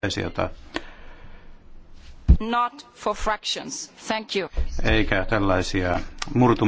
pitäisi jotain. Not for fractions. Thank you. Eikä tällaisia murtumia.